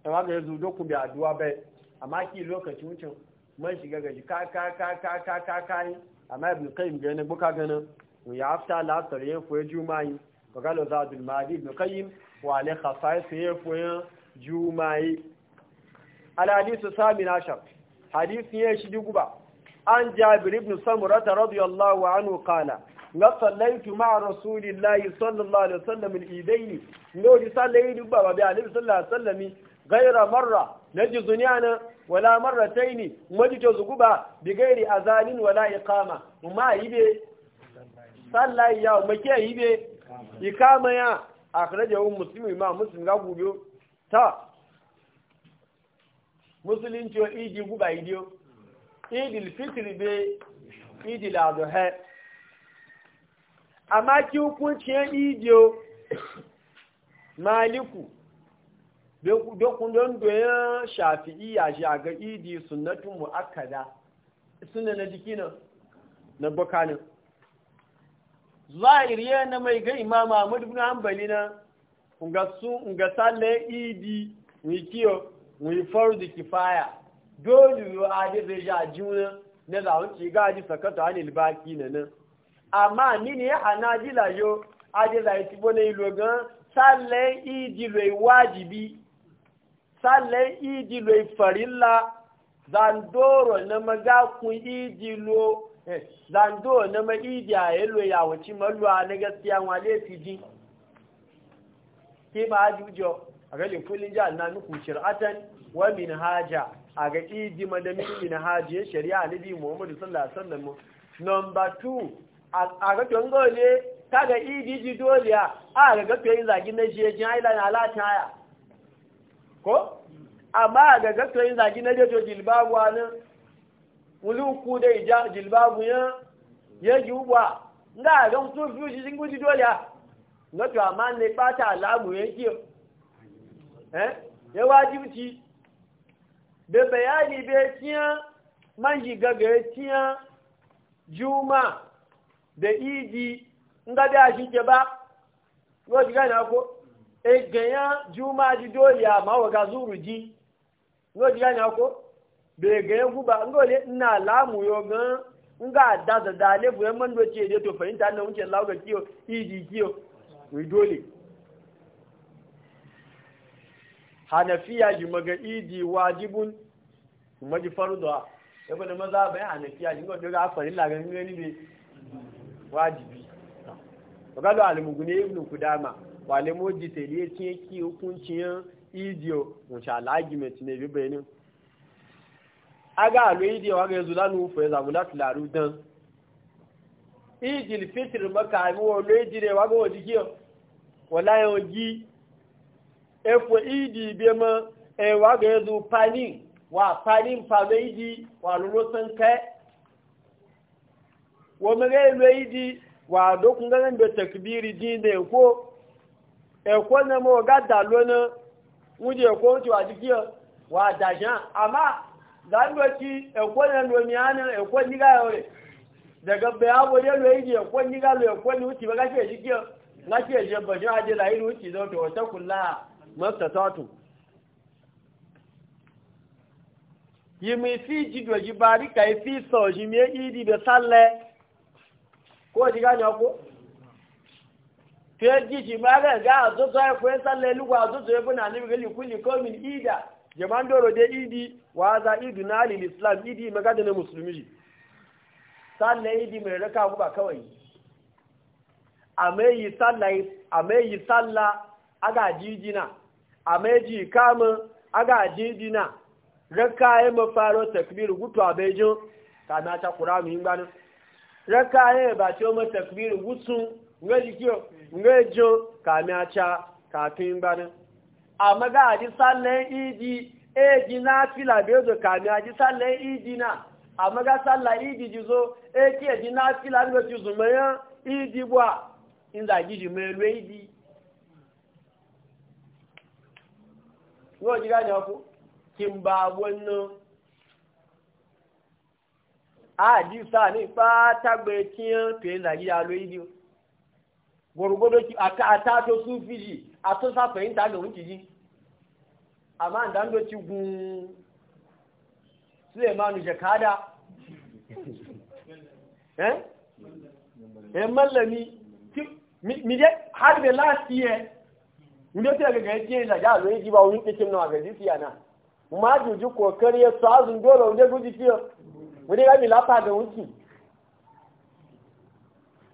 Speaker 1: e wa ga yezu doku bi aduwa be amma ki lokaci wucin man shiga gaji ka ka ka ka ka ka kai amma ibn qayyim ga ne buka ganin mu ya afta la tariyan fo juma yi wa ga lo zadul madi ibn qayyim wa ale ali khasa'is fo juma yi alhadisu samin ashar hadisi ya shi guba an jabir ibn samurata radiyallahu anhu qala ga sallaitu ma'a rasulillahi sallallahu alaihi wasallam al-idaini no di sallai guba ba bi alaihi sallallahu alaihi wasallam gaira marra naji zunyana wala marrataini wadi to zuguba bi gairi azanin wala iqama ma yibe sallai ya make yibe ikama ya akhrajahu muslim imam muslim ga gubiyo ta musulunci wa idi guba idiyo idil fitri be idil he amma ki hukunciyar idiyo maliku dokun don doyan a ga idi sunnatun mu'akkada suna na jiki nan na bakanin zahir na mai ga imam ahmad ibn hanbali na unga su idi wikiyo wani fardu kifaya dole yo ade zai ja juna na zawon ci gaji sakata wani libaki na nan amma ni ne hana jila yo ade zai ti bone ilo gan sale idi lo wajibi sale idi lo farilla zandoro na maga kun ya lo ya wuce maluwa na gaskiya agalin lin kullin ja na nuku shir'atan wa minhaja aga idi madami Haji shari'a nabi Muhammad sallallahu alaihi wasallam number 2 aga dongole kaga idi ji doliya aga ga to yin zagi na je jin aila na alata taya ko amma aga ga to yin na je to jilbabu an uluku da ija jilbabu ya ya yuba nga ga mutum fi shi jin guji doliya ngato amma ne bata alamu yake Eh? ya wajibci da bayani bai tiya man yi gaga tiya juma da idi nga da shi ke ba ko ji gane ko e ganya juma ji doya ma wa ga zuru ji ko ji gane ko be ganya guba ngole ina lamu yo gan nga da da da le bu man do ce to fahimta na wuce lawo kiyo idi kiyo wi dole hanafiya ji maga idi wajibun kuma ji farduwa da bane maza bayan hanafiya ji maga daga afarin lagan gani ne wajibi magalo alimugune ibn kudama wale moji tele tiye ki hukuncin idiyo wuce al'agimet ne bi benin aga alo idiyo waga yanzu lanu ufu ya zamu lati laru dan idil fitir maka ami wa lo idire waga wajikiyo wala yawon gi efo idi be ma e wa ga zu pani wa pani pa be idi wa lo san kai wo me ga lo idi wa do kun ga be takbiri din de ko e ko na mo ga da lo na wuje ko ti wa dikiyo wa da jan ama da lo ti e na lo mi ana e ko ni yore daga be a wo de lo idi e ko ni ga lo e ko ni uti ba ga ke dikiyo na ke je ba jo aje la iru uti mastatatu yimi fi jidwa jibari kai fi so jimi idi be salle ko diga nya ko fe ji jimara ga zo so e fe salle lu wa zo zo e buna ni gali kulli komin ida jaman doro de idi wa za idu na lil islam idi magana na musulmi salle idi mai raka ku ba kawai ameyi salla ameyi salla aga jijina a meji kamun aga jidina raka ya mafaro takbir gutu a bejin ta na ta kura mu hingbani raka ya ba ce ma takbir gutu nga jikiyo nga jo ka mi acha ka tin bani amma ga sallan idi e ji fila bezo ka mi aji sallan idi na amma ga sallan idi ji zo e ke ji fila ni ba zumaya idi bwa in za ji ji idi wọ́n jí gáàjọ fún kí n bá wọnú àdìsá nípa tágbé tí ń pè nàìjíríà lóyún ni gbòrògbòdò àtàtò sún fìjì àtúnṣàfẹ́ ìta lòún jìjì àmà ìdánwò ti gun suleimanu jakada ẹ [laughs] eh? eh, mọ́lẹ̀ mi mi hàgbẹ̀ láti yẹ. inda ta ga gaci ya ga zo yi ba wani cikin na ga jisiya na ma juju kokari ya sa azun dole wanda guji kiyo wani ga mi lafa da wuki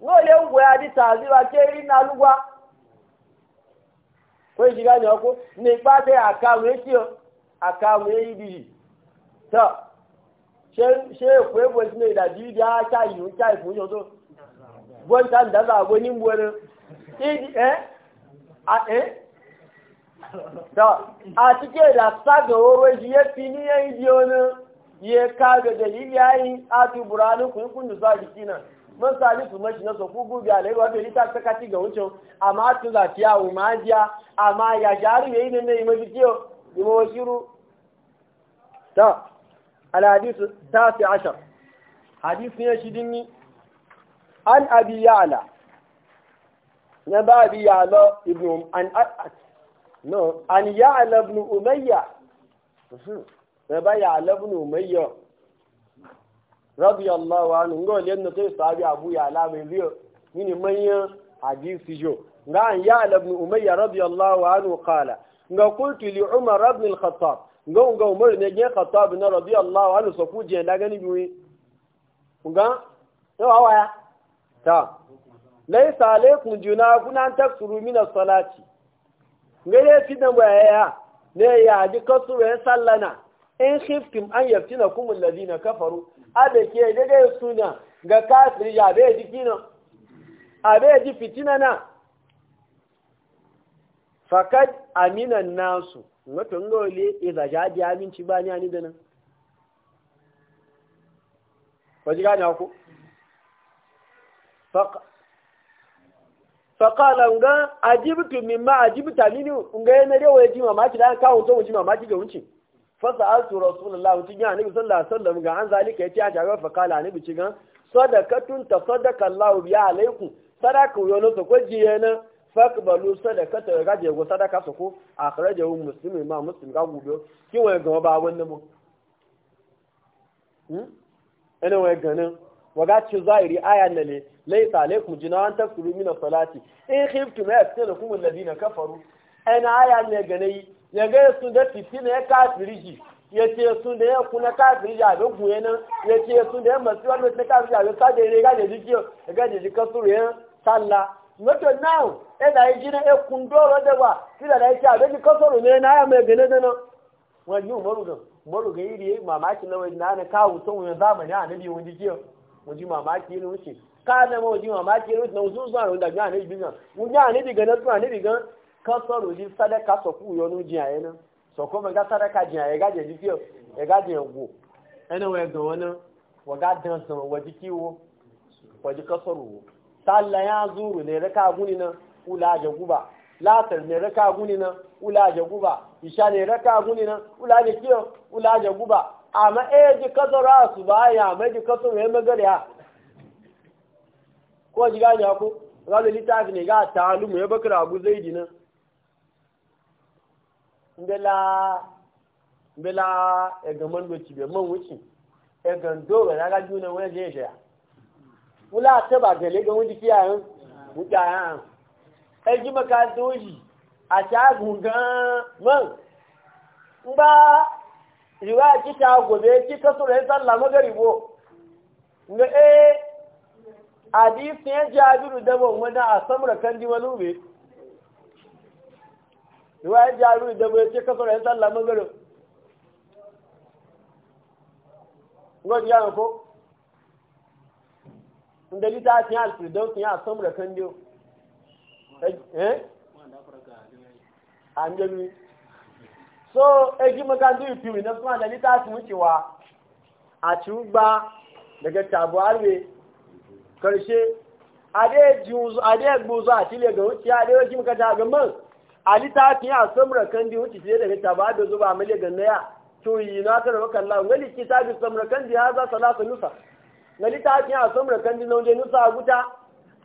Speaker 1: no le ngo ya di tazi ke ri na lugwa ko ji ga ni ko ne pa te aka we kiyo aka we se se ko e bo ni da di yo to bo ta nda ni re eh eh a cikin da saga woro shi ya ni ya yi biyonin ya kaga dalili ya yi a ati buranin kun kun da jiki nan mun sali su mashi na soku gubi a laiwa bai lita ta kaci ga wucin amma tun za fiya wu ma jiya amma ya jari ya yi nan na yi mafi kiyo yi mawa shiru ta alhadisu ta fi ashar hadisu ya shi dinni an abi ya'ala na ba abi ya'ala ibn an no an ya alabnu umayya sai mhm. ba ya alabnu umayya rabi allah wa anhu ngo lenno to sabi abu ya ya'la mai biyo mini manya hadisi jo nga an ya alabnu umayya rabi allah wa anhu qala nga qultu li umar ibn al-khattab nga nga umar ne je khattab na rabi allah wa anhu so ku je daga ni biwi nga to waya ta laysa alaykum junahun kunan taksuru min as-salati gare fi da wayaya ne ya ji kasu ya sallana in khiftum an yaftina kum alladhina kafaru abe ke daga suna ga kafiri ya be ji kina abe ji fitina na fakad aminan nasu wato ngole iza jadi aminci ba ni ani da nan wajiga ne ku fakala nga ajibtu mimma ajibta mini nga yana rewa ya ji mamaki da an kawo to wuce mamaki ga wuce fasa sa'altu rasulullah tun ya annabi sallallahu alaihi wasallam ga an zalika yace a shagar fakala annabi ci gan sadaqatun tasaddaqa Allahu biya alaikum sadaka yo no to koji yana fakbalu sadaqata ga je go sadaka su ko akhrajahu muslim ma muslim ga gubo ki wa ga ba wannan mu hmm ana wa ganin waga ci zahiri ayan ne laisa alaikum jinawan tasuru min salati in khiftum ma yaftinakum alladhina kafaru ana aya ne ganai ya ga sun da fitina ya kafiriji ya ce sun da ya kuna kafiriji a ga guye nan ya ce sun da ya masu wani ta kafiriji a ga sadere ga da jikiyo ga da jikasuru ya sallah wato now ina yi jina ya kundoro da ba sila da yake abin kasoro ne na ya mai gane da nan wani yi marugan marugan iri mamaki na wani na na kawo sun wani zamani a nabi wani jiya wani mamaki ne wuce kana ma wajen mamaki ya rufe na wasu zuwa runda ga ne bi nan mun ga bi diga na zuwa ne diga ka so ruji sadaka so ku yo nu jiya yana so ko ga sadaka jiya ya gaje ji fiyo ya gaje go ana waya ga e wani wa ga dan san wa ji kiwo wa ji kasaru salla ya zuru ne ka guni na ula ja guba latar ne raka guni na ula ja guba isha ne raka guni nan ula ja kiyo ula ja guba amma e ji kasara su ba ya amma e ji kasaru ya magariya ko ji gane ku zalu littafi ne ga ta'alumu ya bakar abu zaidi nan bela bela egan man do man egan wani wula ta ba gele ga wani kiyayen mutayen ai e ji maka doji a shagun gan man ba riwaya gobe kika sura ya sallah eh hadisi ya jabiru dabo wani a samura kan ji wani ube ruwa ya jabiru dabo ya ce kasar ya tsalla mun god ya ko inda ni ta fiye alfidon fiye a samura kan ji eh an jami so eji makandu ipiwi na suna da ni ta fi a ci gba daga tabu ne karshe adegbuzo a tile ga wuce a dai wajen kata ga man ali ta fi a samra kan di wuce fiye daga taba da zuba male ga naya to yi na ta maka Allah wani kitabi samra kan di ya za salasa nusa wani ta fi a samra kan di nauje nusa a guta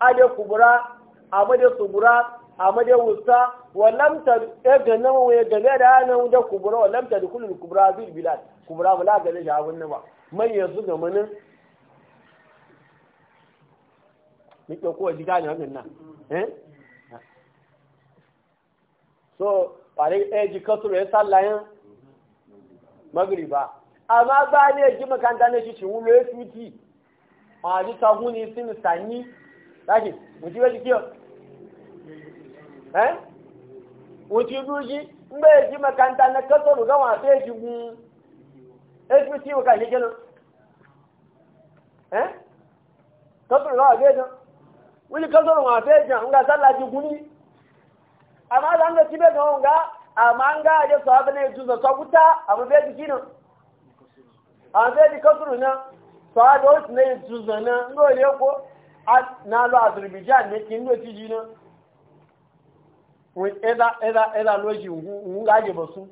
Speaker 1: ade kubura amade subura amade wusta walam ta ga nawa waye ga da nan da kubura walam ta dukulul kubura bil bilad kubura wala ga da jawun ba man yanzu ga manin nípa kó ẹ̀dí gáàyàn mi nà so pàdé ẹ̀jì e kan tó rẹ̀ sálàyán mọ́gìrìbá àmọ́ bá ne ẹ̀jì mọ́kàntà ní ṣíṣì wú lóyè tútì wọn àti sọgún ní sínú sàní láti mo ti wẹ́jú kí ọ mo ti rú yí ngbé ẹ̀jì mọ́kàntà ní kẹ́tọ̀rù gáwọn àti ẹ̀jì gun ẹ̀jì tí wọ́n kà ṣe jẹ́ náà kẹ́tọ̀rù gáwọn àti ẹ̀jì wílì kọ́sọ̀rọ̀ wọn àfẹ́ jàn ń ga sálàjì gún ní àmà láńgá síbẹ̀ náà ń ga àmà ń e ga àjẹ́ sọ abẹ́lẹ̀ ìtúsọ̀ sọ́kúta àwọn fẹ́ di kínà àwọn fẹ́ di kọ́sọ̀rọ̀ náà sọ àjọ ó sì ní ìtúsọ̀ náà ń lóye kó náà lọ àzùrìbìjà ní kí ń lò tí yìí náà ẹ̀dà lójì ń ga àjẹbọ̀ sún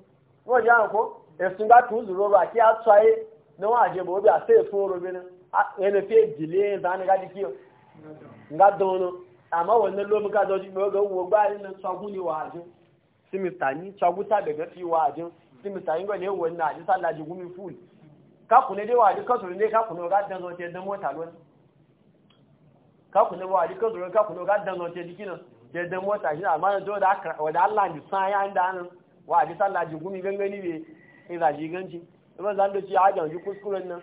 Speaker 1: wọ́n jẹ́ àwọn kó ẹ̀sùn bá tún zùrọ̀ rọ̀ àti àtúwáyé ni a àjẹbọ̀ ó bí àṣẹ ìfún orobìnrin nga dono amma wannan lomi ka zo jibi ga wo ba ni tsagu ni wajin simista ni tsagu ta daga fi wajin simista yin gole wo na ji sallah ji gumi ful ka kune dai wajin ka ne ka kune ga dan zo te dan mota lon ka kune wajin ka zo ka kune ga dan zo te dikina te dan mota shi amma zo da wa da Allah ni san ya inda nan wajin sallah ji gumi gangani be ina e ji ganci e ba zan da ci a ga ji kuskuren nan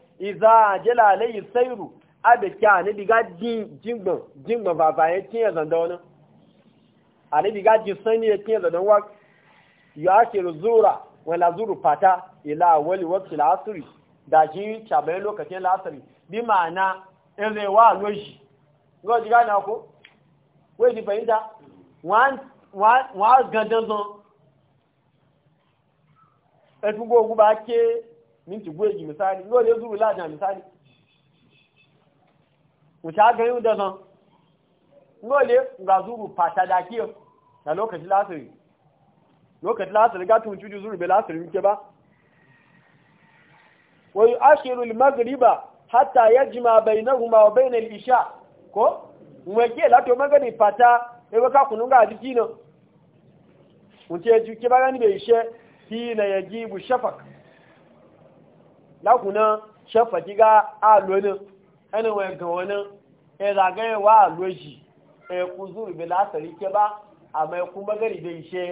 Speaker 1: iza jela alayhi sairu abekya ne diga jingban jingban baba ya tiya zanda wani sani ya tiya zanda wa ya ake zura wala zuru ila wali bi ma'ana wa ngo na fahimta ba ke minti gwegi misali yau ne zuru lajan misali wuce aka yi da zan le ga zuru fata da kiyo da lokaci lasiri lokaci lasiri ga tun cuju zuru bai lasiri nke ba wai ashirul magriba hatta ya jima bai na huma wa bai na isha ko wake lato magani fata ya e k'a kunun ga jiki nan wuce jiki ba gani bai ishe fi na ya jibu shafak lákùnná ṣẹ́fẹ̀tígá àlónà ẹniwọ̀n ẹ̀gàn wọnà ẹ̀ràgẹ́wà àlójì ẹ̀kú zúrùbẹ̀ látàrí kẹba àmọ́ ẹ̀kú mẹ́gẹ̀rìdẹ̀ iṣẹ́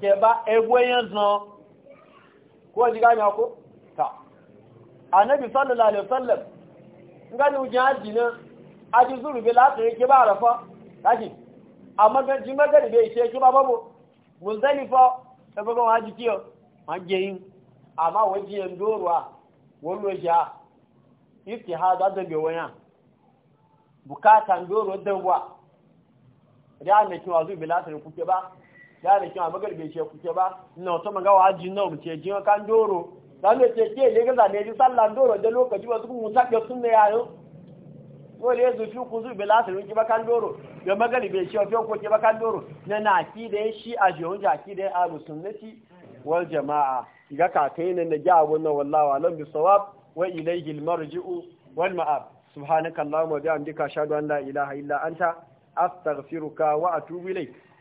Speaker 1: kẹba ẹgbẹ́yẹn zan kó jígá ní ọkó ta láti iṣẹ́ kẹba bọ́bọ̀ mùsẹ́lifọ́ ẹgbẹ́gbẹ́ wọn á jí kí ọ wọn jẹyìn àmọ́ àwọn jẹyìn dóòrò à wọ́n lọ yá ìfì ha dádọ́gbẹ̀ wọ́n bukata ndoro dawa ya ne kin wazu bi latin kuke ba ya ne kin abagar be she kuke ba ina to maga waji na mu ce jin kan doro dan ne ce ke le ga doro da lokaci wasu ku kan doro da kan doro na da shi a jihun jaki da ahlus jamaa ga kakayin na ja wannan wallawa lan bi sawab wa ilayhi almarji'u wal ma'ab subhanakallahumma wa bihamdika ashhadu an la ilaha illa anta astaghfiruka wa atubu ilayk